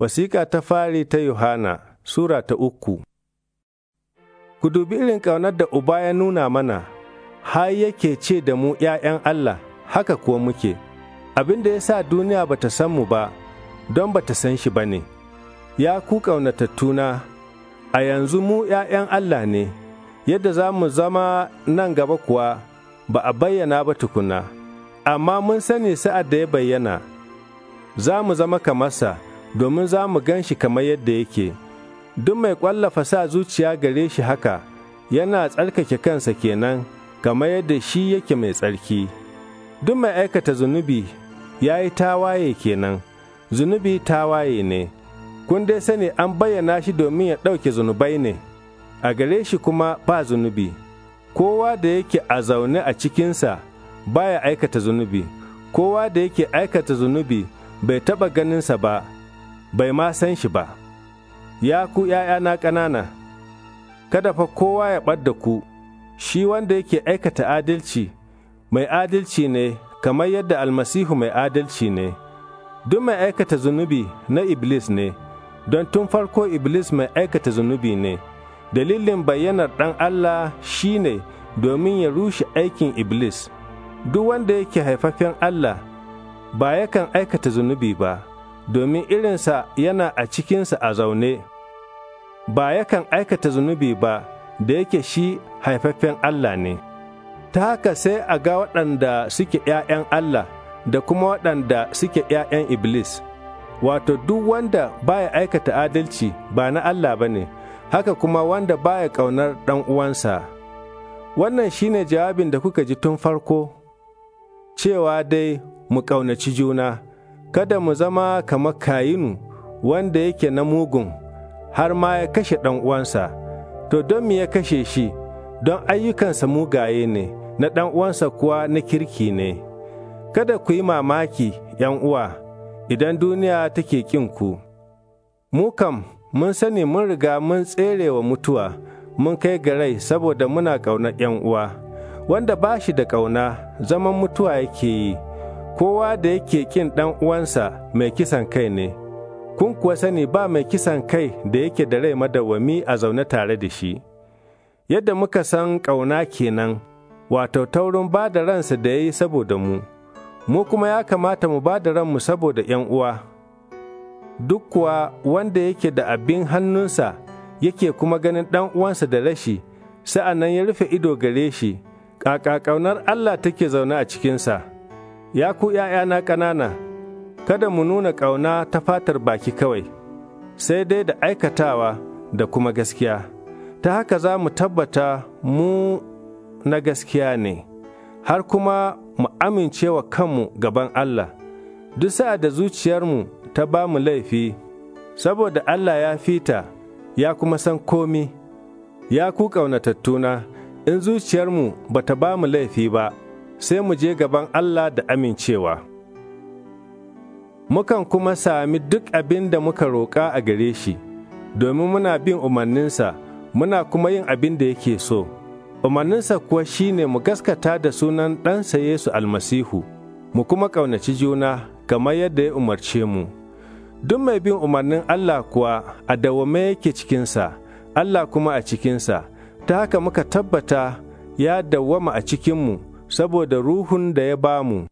Wasiƙa ta fari ta Yohana Sura ta uku Ku dubi irin ƙaunar da Uba ya nuna mana, ha yake ce da mu ’ya'yan Allah, haka kuwa muke, abin da ya sa duniya ba ta san mu ba, don ba ta san shi ba ne. Ya ku ƙaunatattuna, a yanzu mu ’ya'yan Allah ne, yadda za mu zama nan gaba kuwa ba a bayyana ba tukuna, amma mun sani sa'ad da ya bayyana, za mu zama kamarsa. domin za mu gan shi kamar yadda yake. Duk mai ƙwallafa sa zuciya gare shi haka, yana tsarkake kansa kenan, kamar yadda shi yake mai tsarki. Duk mai aikata zunubi ya yi tawaye kenan, zunubi tawaye ne. Kun dai sani an bayyana shi domin ya ɗauke zunubai ne, a gare shi kuma ba zunubi. Kowa da yake a zaune a cikinsa baya aikata zunubi, kowa da yake aikata zunubi bai taɓa ganinsa ba. bai ma san shi ba, ya ku ’ya'yana ƙanana, kada fa kowa ya ɓad da ku, shi wanda yake aikata adalci, mai adalci ne kamar yadda almasihu mai adalci ne, duk mai aikata zunubi na Iblis ne, don tun farko Iblis mai aikata zunubi ne, dalilin bayyanar ɗan Allah shi ne domin ya rushe aikin Iblis, duk wanda yake haifafen Allah ba yakan aikata zunubi ba. domin irinsa yana a cikinsa a zaune, ba yakan aikata zunubi ba da yake shi haifaffen Allah ne. Ta haka sai a ga waɗanda suke ’ya'yan Allah da kuma waɗanda suke ’ya'yan Iblis, wato duk wanda baya aikata adalci ba na Allah ba ne, haka kuma wanda baya ƙaunar ɗan uwansa. Wannan shine jawabin da kuka ji tun farko, cewa dai mu ƙaunaci juna. kada mu zama kamar kayinu wanda yake na mugun har ma ya kashe ɗan uwansa, to don mu ya kashe shi, don ayyukansa mugaye ne, na ɗan uwansa kuwa na kirki ne. Kada ku yi mamaki, ‘yan uwa, idan duniya take ƙin ku. Mu kam, mun sani mun riga mun tsere wa mutuwa, mun kai ga rai saboda muna ƙaunar ‘yan uwa, wanda ba shi da ƙauna zaman mutuwa yake yi. kowa da yake kin ɗan uwansa mai kisan kai ne, kun kuwa sani ba mai kisan kai da yake da rai madawwami a zaune tare da shi. Yadda muka san ƙauna kenan, wato taurin ba da ransa da ya yi saboda mu, mu kuma ya kamata mu ba da ranmu saboda ‘yan uwa. Duk kuwa wanda yake da abin hannunsa yake kuma ganin ɗan uwansa da rashi, sa'an nan ya rufe ido gare shi, ƙaƙa Allah take zaune a cikinsa. Ya ku ’ya'yana ƙanana, kada mu nuna ƙauna ta fatar baki kawai, sai dai da aikatawa da kuma gaskiya. Ta haka za mu tabbata mu na gaskiya ne, har kuma mu amince wa kanmu gaban Allah. Duk sa'ad da zuciyarmu ta ba mu laifi, saboda Allah ya fita, ya kuma san komi, ya ku ƙaunatattuna, in zuciyarmu ba ta ba mu laifi ba. sai mu je gaban Allah da amincewa. Mukan kuma sami duk abin da muka roƙa a gare shi, domin muna bin umarninsa, muna kuma yin abin da yake so. Umarninsa kuwa shi ne mu gaskata da sunan ɗansa Yesu almasihu, mu kuma ƙaunaci juna kamar yadda ya umarce mu. Duk mai bin umarnin Allah kuwa a dawame yake cikinsa, Allah kuma a cikinsa, ta haka muka tabbata ya dawama a cikinmu. saboda ruhun da ya bamu